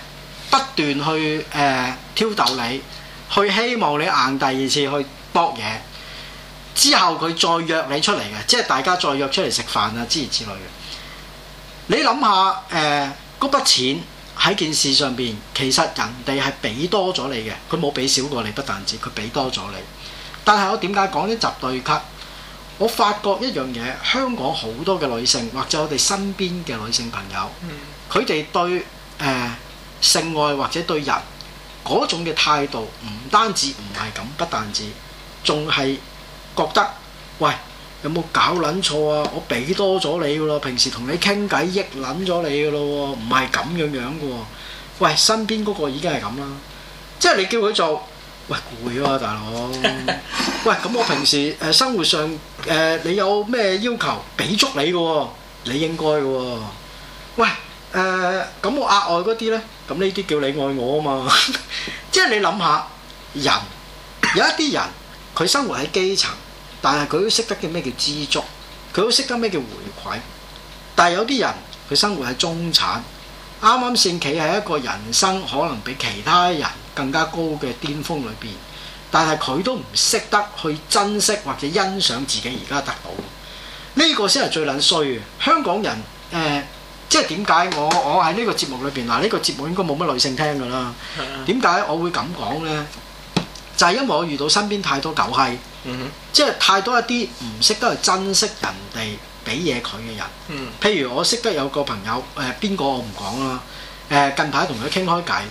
不斷去誒、呃、挑逗你，去希望你硬第二次去搏嘢，之後佢再約你出嚟嘅，即係大家再約出嚟食飯啊之類之類嘅。你諗下誒嗰筆錢喺件事上邊，其實人哋係俾多咗你嘅，佢冇俾少過你，不但止，佢俾多咗你。但係我點解講啲集對 Cut？我發覺一樣嘢，香港好多嘅女性，或者我哋身邊嘅女性朋友，佢哋、嗯、對誒、呃、性愛或者對人嗰種嘅態度，唔單止唔係咁，不但止仲係覺得，喂，有冇搞撚錯啊？我俾多咗你噶咯，平時同你傾偈益撚咗你噶咯，唔係咁樣樣噶喎。喂，身邊嗰個已經係咁啦，即係你叫佢做。喂，攰啊，大佬！喂，咁我平時誒、呃、生活上誒、呃、你有咩要求，俾足你嘅喎、哦，你應該嘅喎、哦。喂，誒、呃、咁我額外嗰啲呢？咁呢啲叫你愛我啊嘛！即 係你諗下，人有一啲人佢生活喺基層，但係佢都識得叫咩叫知足，佢都識得咩叫回饋。但係有啲人佢生活喺中產，啱啱先企喺一個人生，可能比其他人，更加高嘅巔峯裏邊，但係佢都唔識得去珍惜或者欣賞自己而家得到呢、呢個先係最撚衰嘅。香港人誒、呃，即係點解我我喺呢個節目裏邊嗱，呢、啊呢個節目應該冇乜女性聽㗎啦。點解的我會咁講咧？就係、是、因為我遇到身邊太多狗閪，嗯、哼即係太多一啲唔識得去珍惜人哋俾嘢佢嘅人。人嗯、譬如我識得有個朋友誒，邊、呃、個我唔講啦。近排同佢傾開偈。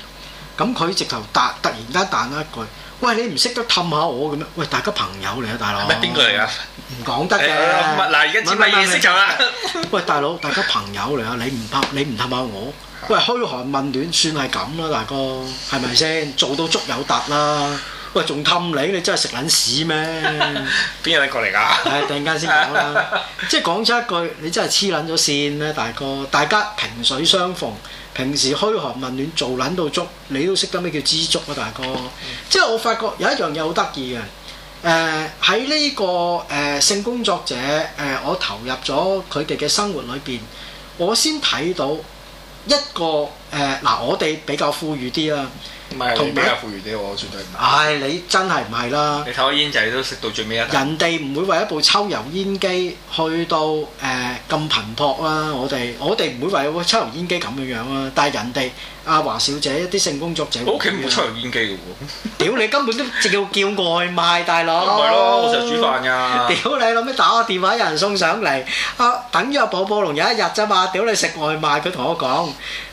咁佢直頭突突然間彈咗一句：喂，你唔識得氹下我噉樣？喂，大家朋友嚟啊，大佬。係邊個嚟啊？唔講得嘅。物嗱，而家點乜嘢意思就啦？喂，大佬，大家朋友嚟啊！你唔氹，你唔氹下我？喂，噓寒問暖算係咁啦，大哥，係咪先？做到足有達啦！喂，仲氹你？你真係食撚屎咩？邊個嚟過嚟㗎？誒，突然間先講啦，即係講出一句，你真係黐撚咗線啦，大哥！大家萍水相逢。平時噓寒問暖做撚到足，你都識得咩叫知足啊，大哥！ 即係我發覺有一樣嘢好得意嘅，誒喺呢個誒、呃、性工作者誒、呃，我投入咗佢哋嘅生活裏邊，我先睇到一個誒嗱、呃啊，我哋比較富裕啲啦。唔係比較富裕啲喎，絕對唔係。唉，你真係唔係啦。你睇我煙仔都食到最尾一啖。人哋唔會為一部抽油煙機去到誒咁頻撲啦，我哋我哋唔會為喎抽油煙機咁樣樣啦。但係人哋阿華小姐一啲性工作者，我屋企冇抽油煙機嘅喎。屌你根本都叫叫外賣大佬。唔係咯，我成日煮飯㗎。屌你諗咩打個電話有人送上嚟啊？等於阿寶寶龍有一日啫嘛。屌你食外賣，佢同我講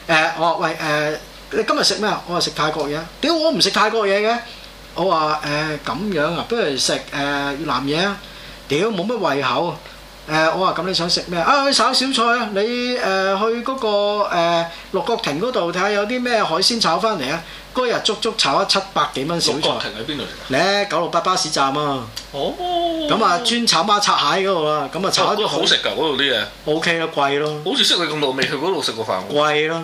誒我喂誒。你今日食咩啊？我話食泰國嘢，屌我唔食泰國嘢嘅。我話誒咁樣啊，不如食誒越南嘢啊。屌冇乜胃口。誒我話咁你想食咩啊？去炒小菜啊，你誒去嗰個誒六角亭嗰度睇下有啲咩海鮮炒翻嚟啊。嗰日足足炒咗七百幾蚊小菜。六角亭喺邊度嚟？咧九六八巴士站啊。哦。咁啊專炒媽擦蟹嗰度啊。咁啊炒得好食㗎嗰度啲嘢。O K 啦，貴咯。好似識你咁耐，未去嗰度食過飯喎。貴咯。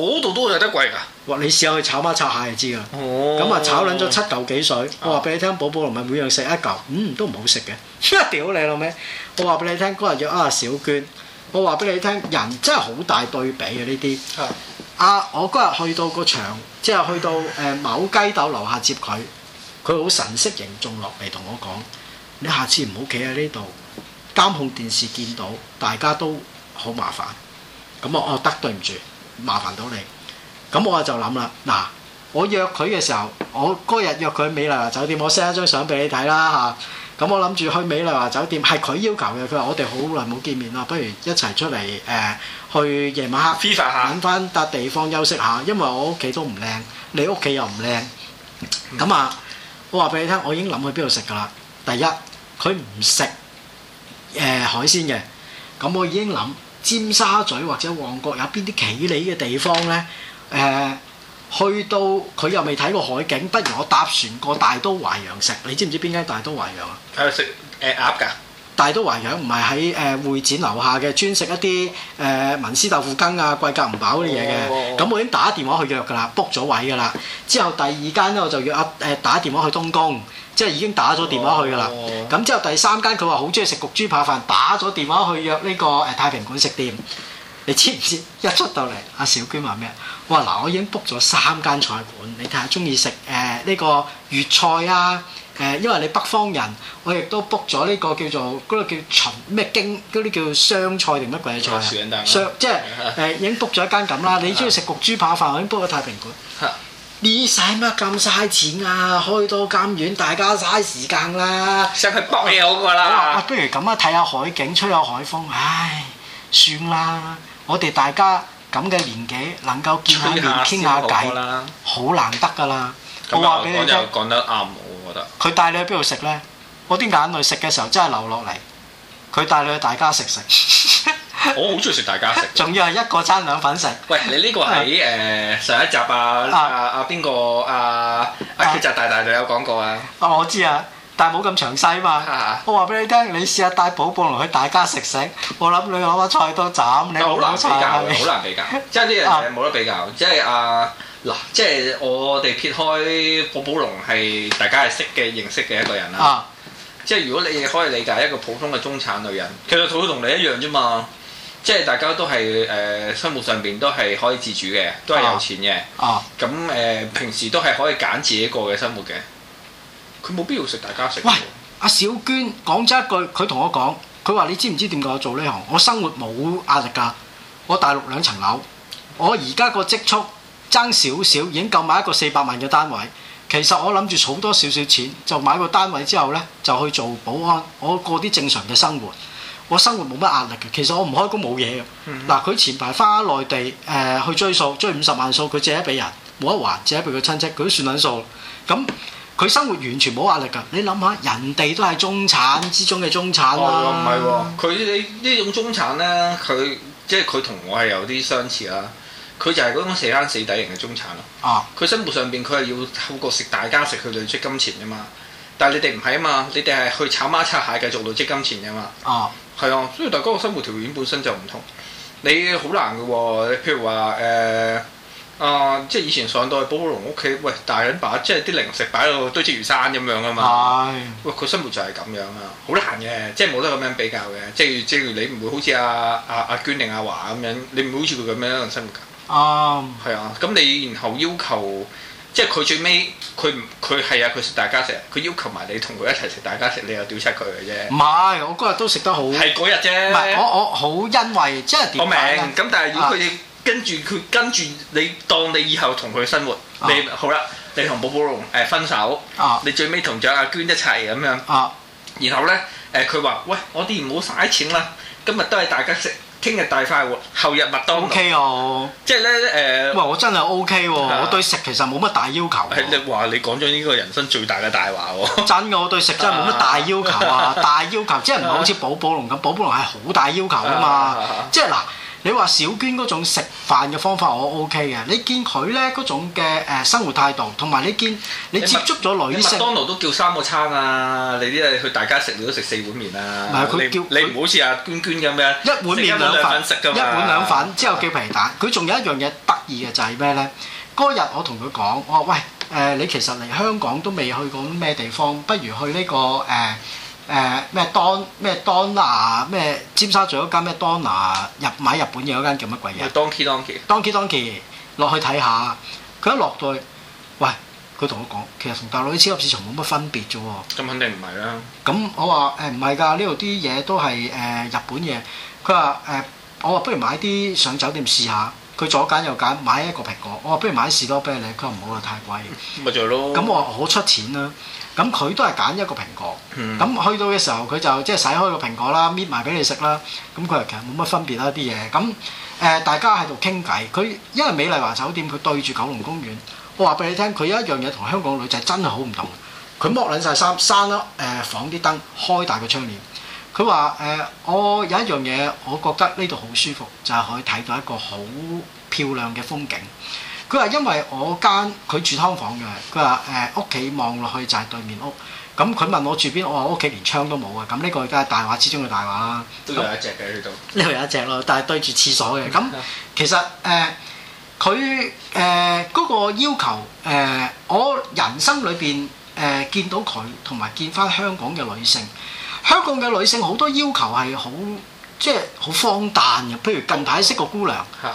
嗰度都有得貴噶，你試，試下去炒媽炒下就知噶啦。哦，咁啊炒撚咗七嚿幾水，的我話俾你聽，寶寶同埋每樣食一嚿，嗯，都唔好食嘅。屌 你老咩！我話俾你聽，嗰日約阿小娟，我話俾你聽，人真係好大對比嘅呢啲。係的、啊。我嗰日去到個場，即係去到誒某雞竇樓下接佢，佢好神色凝重落嚟同我講：你下次唔好企喺呢度，監控電視見到大家都好麻煩。咁我我得對唔住。麻煩到你，咁我就諗啦。嗱，我約佢嘅時候，我嗰日約佢去美麗華酒店，我 send 一張相俾你睇啦嚇。咁我諗住去美麗華酒店，係佢要求嘅。佢話我哋好耐冇見面啦，不如一齊出嚟誒，去夜晚黑揾翻笪地方休息下，因為我屋企都唔靚，你屋企又唔靚。咁啊，我話俾你聽，我已經諗去邊度食噶啦。第一，佢唔食誒海鮮嘅，咁我已經諗。尖沙咀或者旺角有邊啲企理嘅地方呢？誒、呃，去到佢又未睇過海景，不如我搭船過大都淮陽食。你知唔知邊間大都淮陽啊？係食誒、呃、鴨㗎。大都淮陽唔係喺誒會展樓下嘅，專食一啲誒文思豆腐羹啊、貴格唔飽啲嘢嘅。咁、哦哦哦、我已經打電話去約㗎啦，book 咗位㗎啦。之後第二間呢，我就約誒、呃、打電話去東宮。即係已經打咗電話去㗎啦，咁之、哦哦、後第三間佢話好中意食焗豬扒飯，打咗電話去約呢、這個誒、呃、太平館食店。你知唔知一出到嚟，阿小娟話咩？我話嗱，我已經 book 咗三間菜館，你睇下中意食誒呢個粵菜啊誒、呃，因為你北方人，我亦都 book 咗呢個叫做嗰個叫秦咩京嗰啲叫湘菜定乜鬼菜啊？即係誒、呃、已經 book 咗一間咁啦， 你中意食焗豬扒飯，我已經 book 咗太平館。 使乜咁嘥錢啊？去到咁遠，大家嘥時間啦！上去搏嘢好過啦。不如咁啊，睇、啊、下海景，吹下海風。唉，算啦。我哋大家咁嘅年紀，能夠見面下面傾下偈，好，好難得㗎啦。這樣 我話俾你聽，講得啱，我覺得。佢帶你去邊度食呢？我啲眼淚食嘅時候真係流落嚟。佢帶你去大家食食。 我好中意食大家食，仲要係一個餐兩份食。喂，你呢個喺誒、uh, 呃、上一集啊啊啊邊個啊啊阿澤大大都有講過啊？啊、uh, 我知啊，但係冇咁詳細啊嘛。Uh, 我話俾你聽，你試下帶寶寶龍去大家食食。我諗你攞把菜刀斬，你好難比較，好難比較。即係呢樣嘢冇得比較。即係啊嗱，即係、就是、我哋撇開寶寶龍係大家係識嘅認識嘅一個人啊。即係、uh, 嗯、如果你可以理解一個普通嘅中產女人，其實佢會同你一樣啫嘛。即係大家都係誒、呃、生活上邊都係可以自主嘅，都係有錢嘅、啊。啊，咁誒、呃、平時都係可以揀自己過嘅生活嘅。佢冇必要食大家食。喂，阿小娟講咗一句，佢同我講，佢話你知唔知點解我做呢行？我生活冇壓力㗎。我大陸兩層樓，我而家個積蓄爭少少已經夠買一個四百萬嘅單位。其實我諗住儲多少少錢就買個單位之後呢，就去做保安，我過啲正常嘅生活。我生活冇乜壓力嘅，其實我唔開工冇嘢嘅。嗱、嗯，佢前排返喺內地，誒、呃、去追數，追五十萬數，佢借咗俾人，冇得還，借咗俾佢親戚，佢都算緊數。咁佢生活完全冇壓力㗎。你諗下，人哋都係中產之中嘅中產啦。哦，唔係喎，佢你呢種中產咧，佢即係佢同我係有啲相似啦。佢就係嗰種死慳死底型嘅中產咯。啊，佢生活上面佢係要透過食大家食去累積金錢㗎嘛。但係你哋唔係啊嘛，你哋係去炒孖叉蟹繼續累積金錢㗎嘛。啊。係啊，所以大哥個生活條件本身就唔同，你好難嘅喎、哦。你譬如話誒啊，即係以前上到去寶寶龍屋企，喂，大人把即係啲零食擺到堆積如山咁樣啊嘛。係、哎。喂，佢生活就係咁樣啊，好難嘅，即係冇得咁樣比較嘅。即係即係你唔會好似阿阿阿娟定阿華咁樣，你唔會好似佢咁樣生活㗎。啱、嗯。係啊，咁你然後要求？即係佢最尾佢唔，佢係啊，佢食大家食，佢要求埋你同佢一齊食大家食，你又屌出佢嘅啫。唔係，我嗰日都食得好。係嗰日啫。唔係，我我好欣慰，即係點講咧？我明。咁但係如果佢哋跟住佢、啊、跟住你，當你以後同佢生活，你、啊、好啦，你同寶寶龍誒、呃、分手，啊、你最尾同咗阿娟一齊咁樣。啊！然後咧誒，佢、呃、話：喂，我哋唔好嘥錢啦，今日都係大家食。聽日大快活，後日麥當勞。O K 哦，即係咧誒，唔、喂、我真係 O K 我對食其實冇乜大要求、啊。你話你講咗呢個人生最大嘅大話喎。真㗎，我對食真係冇乜大要求啊，uh, uh, 大要求即係唔係好似寶寶龍咁？寶寶龍係好大要求㗎嘛，即係嗱。你話小娟嗰種食飯嘅方法我 OK 嘅，你見佢咧嗰種嘅誒生活態度，同埋你見你接觸咗女性，你麥當勞都叫三個餐啊，你啲去大家食你都食四碗麵啊，唔係，佢叫你唔好似阿娟娟咁樣一碗麵兩飯，一碗兩粉之後叫皮蛋，佢仲有一樣嘢得意嘅就係咩咧？嗰日我同佢講，我話喂誒、呃，你其實嚟香港都未去過咩地方，不如去呢、呢個誒。呃誒咩、呃、Don 咩 Don 咩尖沙咀嗰間咩 Don 日買日本嘢嗰間叫乜鬼嘢？Donkey Donkey，落去睇下，佢一落到，喂，佢同我講，其實同大陸啲超級市場冇乜分別啫喎。咁肯定唔係啦。咁、嗯、我話誒唔係㗎，呢度啲嘢都係誒、呃、日本嘢。佢話誒，我話不如買啲上酒店試下。佢左揀右揀，買一個蘋果。我話不如買士多啤梨。佢話唔好啊，太貴。咪、嗯、就係咯。咁、嗯、我話我出錢啦、啊。咁佢都係揀一個蘋果，咁、嗯、去到嘅時候佢就即係洗開個蘋果啦，搣埋俾你食啦。咁佢又其實冇乜分別啦啲嘢。咁誒、呃、大家喺度傾偈，佢因為美麗華酒店，佢對住九龍公園，我話俾你聽，佢有一樣嘢同香港女仔真係好唔同。佢剝撚曬衫，閂咗誒房啲燈，開大個窗簾。佢話誒，我有一樣嘢，我覺得呢度好舒服，就係、是、可以睇到一個好漂亮嘅風景。佢話因為我間佢住劏房嘅，佢話誒屋企望落去就係對面屋，咁佢問我住邊，我話屋企連窗都冇呀，咁呢個而家係大話之中嘅大話啦。都有一隻嘅呢度，呢度、嗯、裡有一隻咯，但係對住廁所嘅。咁、嗯嗯、其實誒佢誒嗰個要求誒、呃，我人生裏邊誒見到佢同埋見翻香港嘅女性，香港嘅女性好多要求係好。即係好荒誕嘅，譬如近排識個姑娘，誒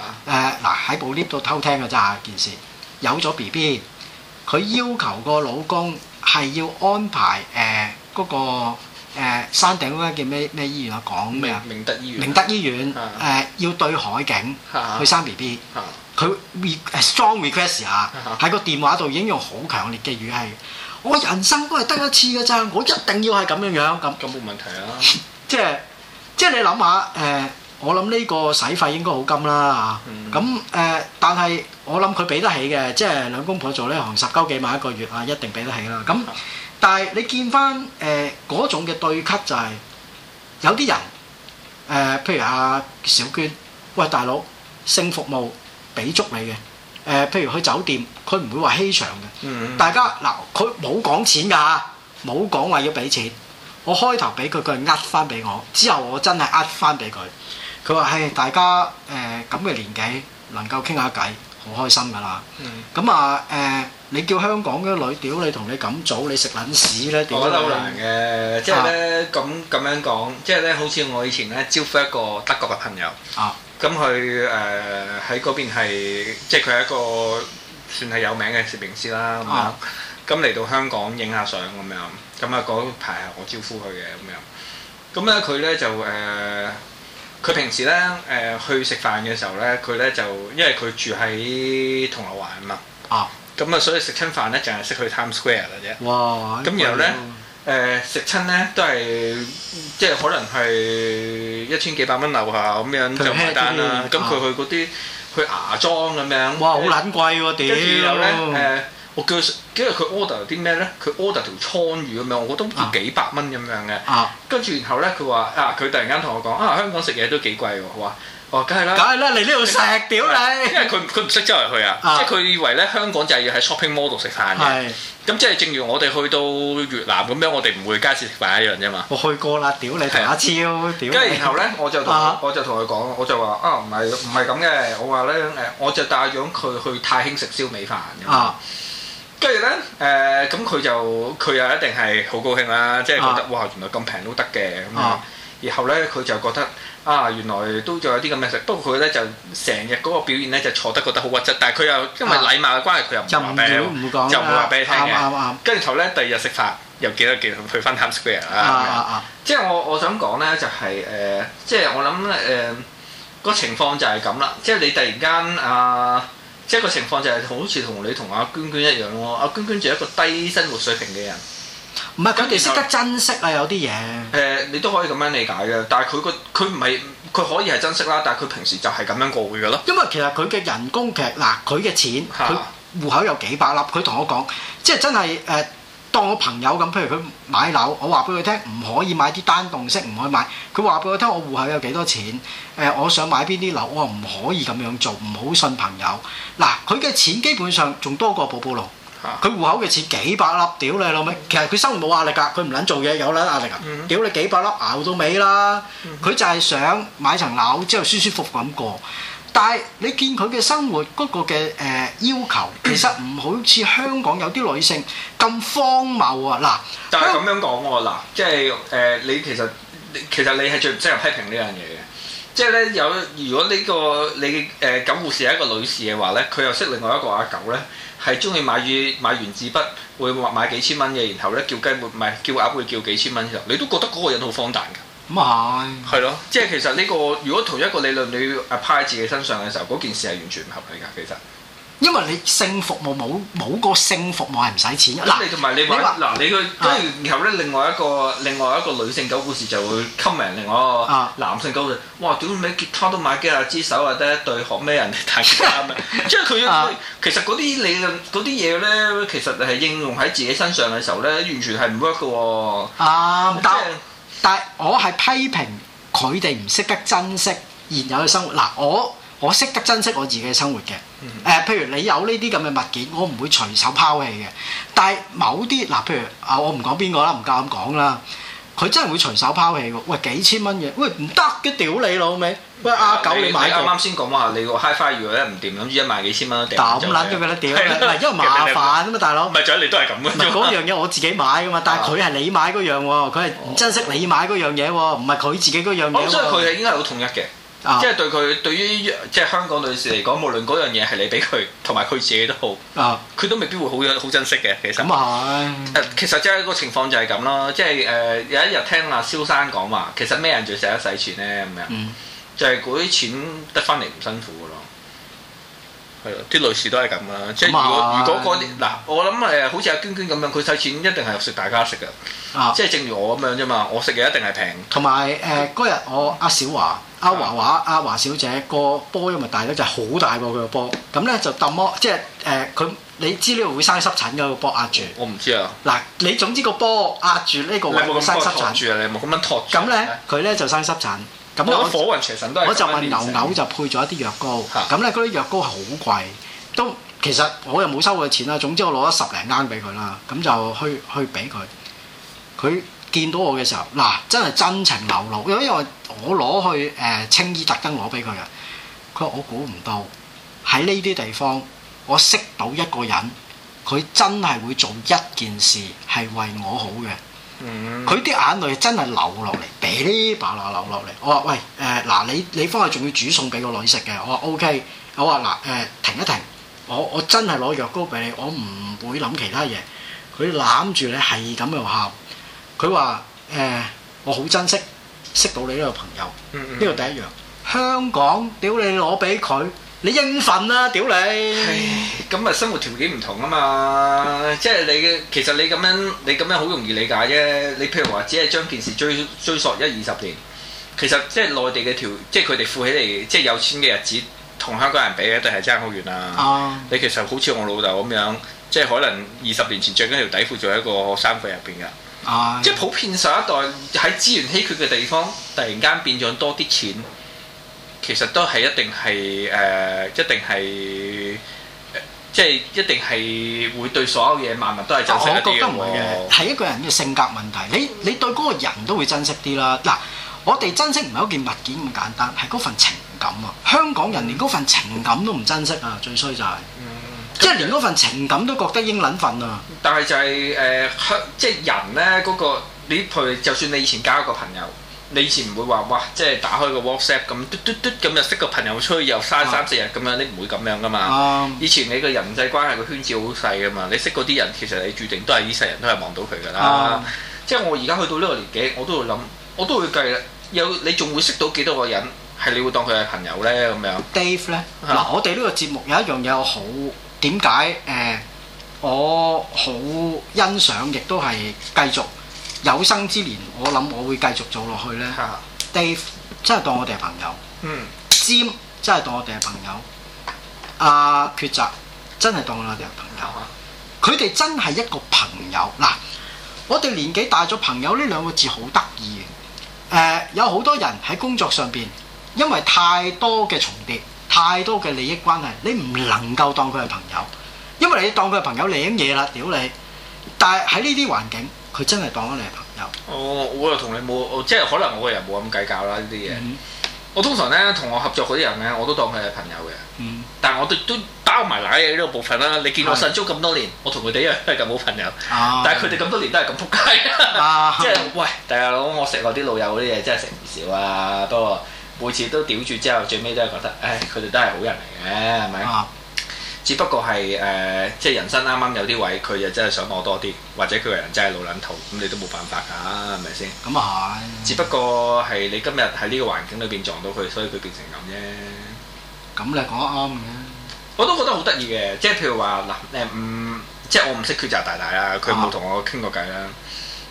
嗱喺部 lift 度偷聽嘅咋件事，有咗 B B，佢要求個老公係要安排誒嗰、呃嗰個、呃、山頂嗰間叫咩咩醫院啊？講咩啊？明德醫院。明德醫院誒要對海景、啊、去生 B B，佢 strong request 啊！喺個電話度已經用好強烈嘅語氣，我人生都係得一次嘅咋，我一定要係咁樣樣咁。咁冇問題啊！即係、 即係。即係你諗下，誒、呃，我諗呢個使費應該好金啦咁，誒、嗯呃，但係我諗佢俾得起嘅，即係兩公婆做呢行十九幾萬一個月啊，一定俾得起啦。咁，但係你見翻誒嗰種嘅對 Cut 就係、是、有啲人誒、呃，譬如阿、啊、小娟，喂大佬，性服務俾足你嘅，誒、呃、譬如去酒店，佢唔會話欺場嘅，嗯、大家嗱，佢冇講錢㗎，冇講話要俾錢。我開頭俾佢，佢係呃翻俾我。之後我真係呃翻俾佢，佢話：唉，大家誒咁嘅年紀能夠傾下偈，好開心㗎啦。咁啊誒，你叫香港嘅女屌你同你咁早，你食撚屎咧？點都好難嘅，即係咧咁咁樣講，即係咧好似我以前咧招呼一個德國嘅朋友。啊，咁佢誒喺嗰邊係，即係佢係一個算係有名嘅攝影師啦。咁樣，咁嚟到香港影下相咁樣。啊。咁啊，嗰排係我招呼佢嘅咁樣。咁咧，佢咧就誒，佢、呃、平時咧誒、呃、去食飯嘅時候咧，佢咧就因為佢住喺銅鑼灣啊嘛。啊！咁啊，所以食親飯咧，淨係識去 Times Square 嘅啫。哇！咁、啊、然後咧，誒食親咧都係即係可能係一千幾百蚊樓下咁樣就埋單啦。咁佢、啊、去嗰啲去芽莊咁樣。哇！好撚貴喎屌！跟咧誒。我叫佢，今日佢 order 啲咩咧？佢 order 條倉魚咁樣，我覺得好似幾百蚊咁樣嘅。跟住然後咧，佢話啊，佢突然間同我講啊，香港食嘢都幾貴喎。我話哦，梗係啦，梗係啦，嚟呢度食屌你！因為佢佢唔識周圍去啊，即係佢以為咧香港就係要喺 shopping mall 食飯嘅。咁即係正如我哋去到越南咁樣，我哋唔會街市食飯一樣啫嘛。我去過啦，屌你，下次咯，屌！跟住然後咧，我就我就同佢講，我就話啊，唔係唔係咁嘅，我話咧誒，我就帶咗佢去太興食燒味飯嘅。跟住咧，誒咁佢就佢又一定係好高興啦，即係覺得哇原來咁平都得嘅咁啊！然後咧佢就覺得啊原來都仲有啲咁嘅食，不過佢咧就成日嗰個表現咧就坐得覺得好屈質，但係佢又因為禮貌嘅關係，佢又唔會講，就唔會話俾你聽嘅。跟住後咧，第二日食飯又見得佢去翻 Times Square 啊！即係我我想講咧就係誒，即係我諗誒個情況就係咁啦，即係你突然間啊～即係個情況就係好似同你同阿娟娟一樣咯，阿、啊、娟娟就係一個低生活水平嘅人，唔係佢哋識得珍惜啊，有啲嘢。誒、呃，你都可以咁樣理解嘅，但係佢個佢唔係佢可以係珍惜啦，但係佢平時就係咁樣過活嘅咯。因為其實佢嘅人工其實嗱，佢、呃、嘅錢，佢戶口有幾百粒，佢同我講，即係真係誒。呃當我朋友咁，譬如佢買樓，我話俾佢聽唔可以買啲單棟式，唔可以買。佢話俾我聽，我戶口有幾多錢？誒、呃，我想買邊啲樓，我唔可以咁樣做，唔好信朋友。嗱，佢嘅錢基本上仲多過寶寶龍，佢戶口嘅錢幾百粒屌你老味。其實佢生活冇壓力㗎，佢唔撚做嘢有撚壓力㗎。屌你幾百粒熬到尾啦，佢就係想買層樓之後舒舒服服咁過。但係你見佢嘅生活嗰、那個嘅誒、呃、要求，其實唔好似香港有啲女性咁荒謬啊！嗱，但係咁樣講喎，嗱，即係誒你其實你其實你係最唔適合批評呢樣嘢嘅。即係咧有如果呢、這個你誒咁護士係一個女士嘅話咧，佢又識另外一個阿、啊、狗咧，係中意買,買完紙買原子筆，會買幾千蚊嘅，然後咧叫雞會唔係叫鴨會叫幾千蚊，嘅時候，你都覺得嗰個人好荒誕㗎。咁係，係咯，即係其實呢個如果同一個理論你 apply 喺自己身上嘅時候，嗰件事係完全唔合理噶。其實，因為你性服務冇冇個性服務係唔使錢。嗱，你同埋你話，嗱，你去，跟住然後咧，另外一個另外一個女性狗故事就會吸名。另外一個男性狗，哇！屌你吉他都買幾下支手啊，得一對學咩人嚟睇？即係佢，其實嗰啲理論嗰啲嘢咧，其實係應用喺自己身上嘅時候咧，完全係唔 work 嘅喎。但係我係批評佢哋唔識得珍惜現有嘅生活嗱，我我識得珍惜我自己嘅生活嘅誒、呃，譬如你有呢啲咁嘅物件，我唔會隨手拋棄嘅。但係某啲嗱，譬如啊，我唔講邊個啦，唔夠咁講啦。佢真係會隨手拋棄喎，喂幾千蚊嘅，喂唔得嘅屌你老味，喂阿九你買過啱啱先講話你個 Hi-Fi 如果咧唔掂，咁而家賣幾千蚊，都撚嘅啦屌啦，唔係、啊、因為麻煩啊嘛 大佬哥，唔係你都係咁嘅，唔係嗰樣嘢我自己買嘅嘛，但係佢係你買嗰樣喎，佢係唔珍惜你買嗰樣嘢喎，唔係佢自己嗰樣嘢，所以佢係應該係好統一嘅。即係對佢對於即係香港女士嚟講，無論嗰樣嘢係你俾佢，同埋佢自己都好，佢、啊、都未必會好好珍惜嘅。其實咁啊係，其實即係個情況就係咁咯。即係誒、呃、有一日聽阿蕭生講話，其實咩人最捨得使錢咧？咁樣、嗯、就係嗰啲錢得翻嚟唔辛苦嘅咯。係咯，啲女士都係咁、嗯、啦，即係如果如果嗰啲嗱，我諗誒，好似阿娟娟咁樣，佢使錢一定係食大家食嘅，啊、即係正如我咁樣啫嘛，我食嘢一定係平。同埋誒嗰日我阿小華、阿、啊、華華、阿、啊、華小姐個波因為大咧，就好大個佢個波，咁咧就揼摩，即係誒佢你知呢度會生濕疹㗎、佢個波壓住。我唔知啊。嗱，你總之個波壓住呢個位，唔係冇咁樣托住啊！你冇咁樣托住。咁咧佢咧就生濕疹。我就問牛牛就配咗一啲藥膏，咁咧嗰啲藥膏好貴，都其實我又冇收佢錢啦。總之我攞咗十零蚊俾佢啦，咁就去去俾佢。佢見到我嘅時候，嗱，真係真情流露，因為我攞去誒青衣特登攞俾佢嘅。佢話我估唔到喺呢啲地方，我識到一個人，佢真係會做一件事係為我好嘅。佢啲眼淚真係流落嚟，噼哩啪啦流落嚟。我話喂，誒、呃、嗱，你你方係仲要煮餸俾個女食嘅。我話 OK，我話嗱，誒、呃、停一停，我我真係攞藥膏俾你，我唔會諗其他嘢。佢攬住你係咁樣喊，佢話誒，我好珍惜識到你呢個朋友，呢個 第一樣。香港屌你攞俾佢。你應份啦、啊，屌你！咁啊，生活條件唔同啊嘛，即係你嘅，其實你咁樣，你咁樣好容易理解啫。你譬如話，只係將件事追追索一二十年，其實即係內地嘅條，即係佢哋富起嚟，即係有錢嘅日子，同香港人比，一定係爭好遠啊！你其實好似我老豆咁樣，即係可能二十年前着緊條底褲，做一個衫櫃入邊㗎。啊、即係普遍上一代喺資源稀缺嘅地方，突然間變咗多啲錢。其實都係一定係誒、呃，一定係、呃，即係一定係會對所有嘢萬物都係珍惜一啲嘅。係一個人嘅性格問題，嗯、你你對嗰個人都會珍惜啲啦。嗱，我哋珍惜唔係一件物件咁簡單，係嗰份情感啊！香港人連嗰份情感都唔珍惜啊，最衰就係、是，嗯、即係連嗰份情感都覺得應撚份啊！但係就係、是、誒，香即係人咧嗰、那個，你譬如就算你以前交一個朋友。你以前唔會話哇，即係打開個 WhatsApp 咁嘟嘟嘟咁又識個朋友出去又嘥三四日咁、嗯、樣，你唔會咁樣噶嘛？以前你個人際關係個圈子好細噶嘛，你識嗰啲人其實你注定都係呢世人都係望到佢噶啦。嗯、即係我而家去到呢個年紀，我都會諗，我都會計啦。有你仲會識到幾多個人係你會當佢係朋友咧咁樣？Dave 咧呢，嗱、嗯，我哋呢個節目有一樣嘢我好點解誒？我好欣賞，亦都係繼續。有生之年，我諗我會繼續做落去咧。Dave 真係當我哋係朋友，占、嗯、真係當我哋係朋友，阿抉擇真係當我哋係朋友。佢哋、嗯、真係一個朋友嗱，我哋年紀大咗，朋友呢兩個字好得意嘅。誒，有好多人喺工作上邊，因為太多嘅重疊，太多嘅利益關係，你唔能夠當佢係朋友，因為你當佢係朋友，你領嘢啦，屌你！但係喺呢啲環境。佢真係當咗你係朋友。我、哦、我又同你冇，即係可能我個人冇咁計較啦，呢啲嘢。嗯、我通常咧同我合作嗰啲人咧，我都當佢係朋友嘅。但、嗯、但我都都包埋奶嘅呢個部分啦。你見我信足咁多年，我同佢哋一樣都係咁好朋友。嗯、但係佢哋咁多年都係咁仆街。嗯、 即係喂，大佬我食我啲老友嗰啲嘢，真係食唔少啊。不過每次都屌住之後，最尾都係覺得，唉，佢哋都係好人嚟嘅，係咪、嗯嗯只不過係誒、呃，即係人生啱啱有啲位，佢就真係想攞多啲，或者佢個人真係老撚頭，咁你都冇辦法㗎，係咪先？咁啊係。只不過係你今日喺呢個環境裏邊撞到佢，所以佢變成咁啫。咁你講得啱嘅、呃嗯啊呃，我都覺得好得意嘅。即係譬如話嗱，誒唔，即係我唔識抉擇大大啦，佢冇同我傾過偈啦。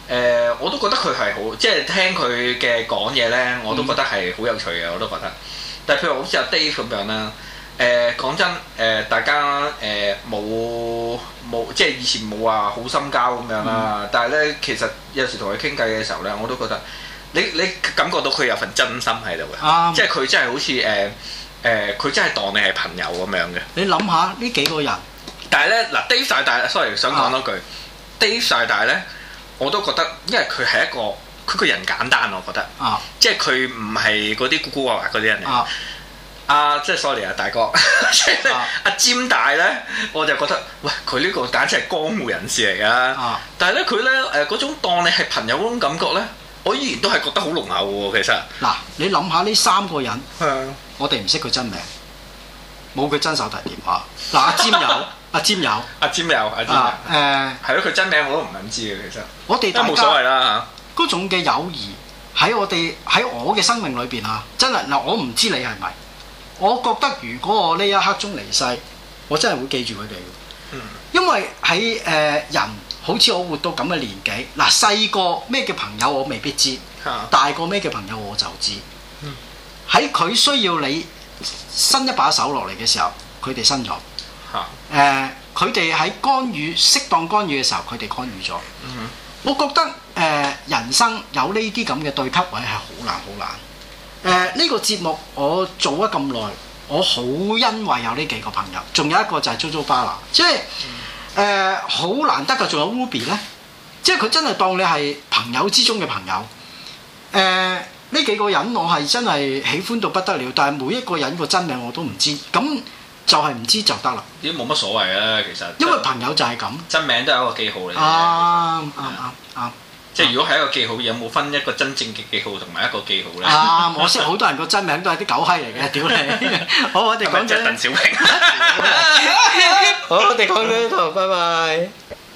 誒，我都覺得佢係好，即係聽佢嘅講嘢咧，我都覺得係好有趣嘅，嗯、我都覺得。但係譬如好似阿 Dave 咁樣啦。誒講真，誒大家誒冇冇，即係以前冇話好深交咁樣啦。但係咧，其實有時同佢傾偈嘅時候咧，我都覺得你你感覺到佢有份真心喺度嘅，即係佢真係好似誒誒，佢真係當你係朋友咁樣嘅。你諗下呢幾個人？但係咧，嗱，Data，但係，sorry，想講多句，Data，但係咧，我都覺得，因為佢係一個佢個人簡單，我覺得，即係佢唔係嗰啲古古惑惑嗰啲人嚟。啊，即係 sorry 啊，大哥。阿占大咧，我就覺得喂，佢呢個簡直係江湖人士嚟噶。但係咧，佢咧，誒嗰種當你係朋友嗰種感覺咧，我依然都係覺得好濃厚嘅。其實嗱，你諗下呢三個人，我哋唔識佢真名，冇佢真手提電話。嗱，阿占有，阿占有，阿占有，阿占誒，係咯，佢真名我都唔想知嘅。其實我哋都冇所謂啦。嗰種嘅友誼喺我哋喺我嘅生命裏邊啊，真係嗱，我唔知你係咪。我覺得如果我呢一刻鐘離世，我真係會記住佢哋嘅，因為喺誒、呃、人，好似我活到咁嘅年紀，嗱細個咩叫朋友我未必知，大個咩叫朋友我就知。喺佢需要你伸一把手落嚟嘅時候，佢哋伸咗。誒、呃，佢哋喺干預適當干預嘅時候，佢哋干預咗。Mm hmm. 我覺得誒、呃、人生有呢啲咁嘅對級位係好難好難。誒呢、呃這個節目我做咗咁耐，我好欣慰有呢幾個朋友，仲有一個就係 Jojo Bala 即係誒好難得嘅，仲有 Ruby 咧，即係佢真係當你係朋友之中嘅朋友。誒、呃、呢幾個人我係真係喜歡到不得了，但係每一個人個真名我都唔知，咁就係唔知就得啦。已經冇乜所謂啦，其實因為朋友就係咁，真名都係一個記號嚟嘅。啊啊啊！即係如果係一個記號，有冇分一個真正嘅記號同埋一個記號咧？啊！我識好多人個真名都係啲狗閪嚟嘅，屌你！好，我哋講咗鄧小平。好，我哋講到呢度，拜拜。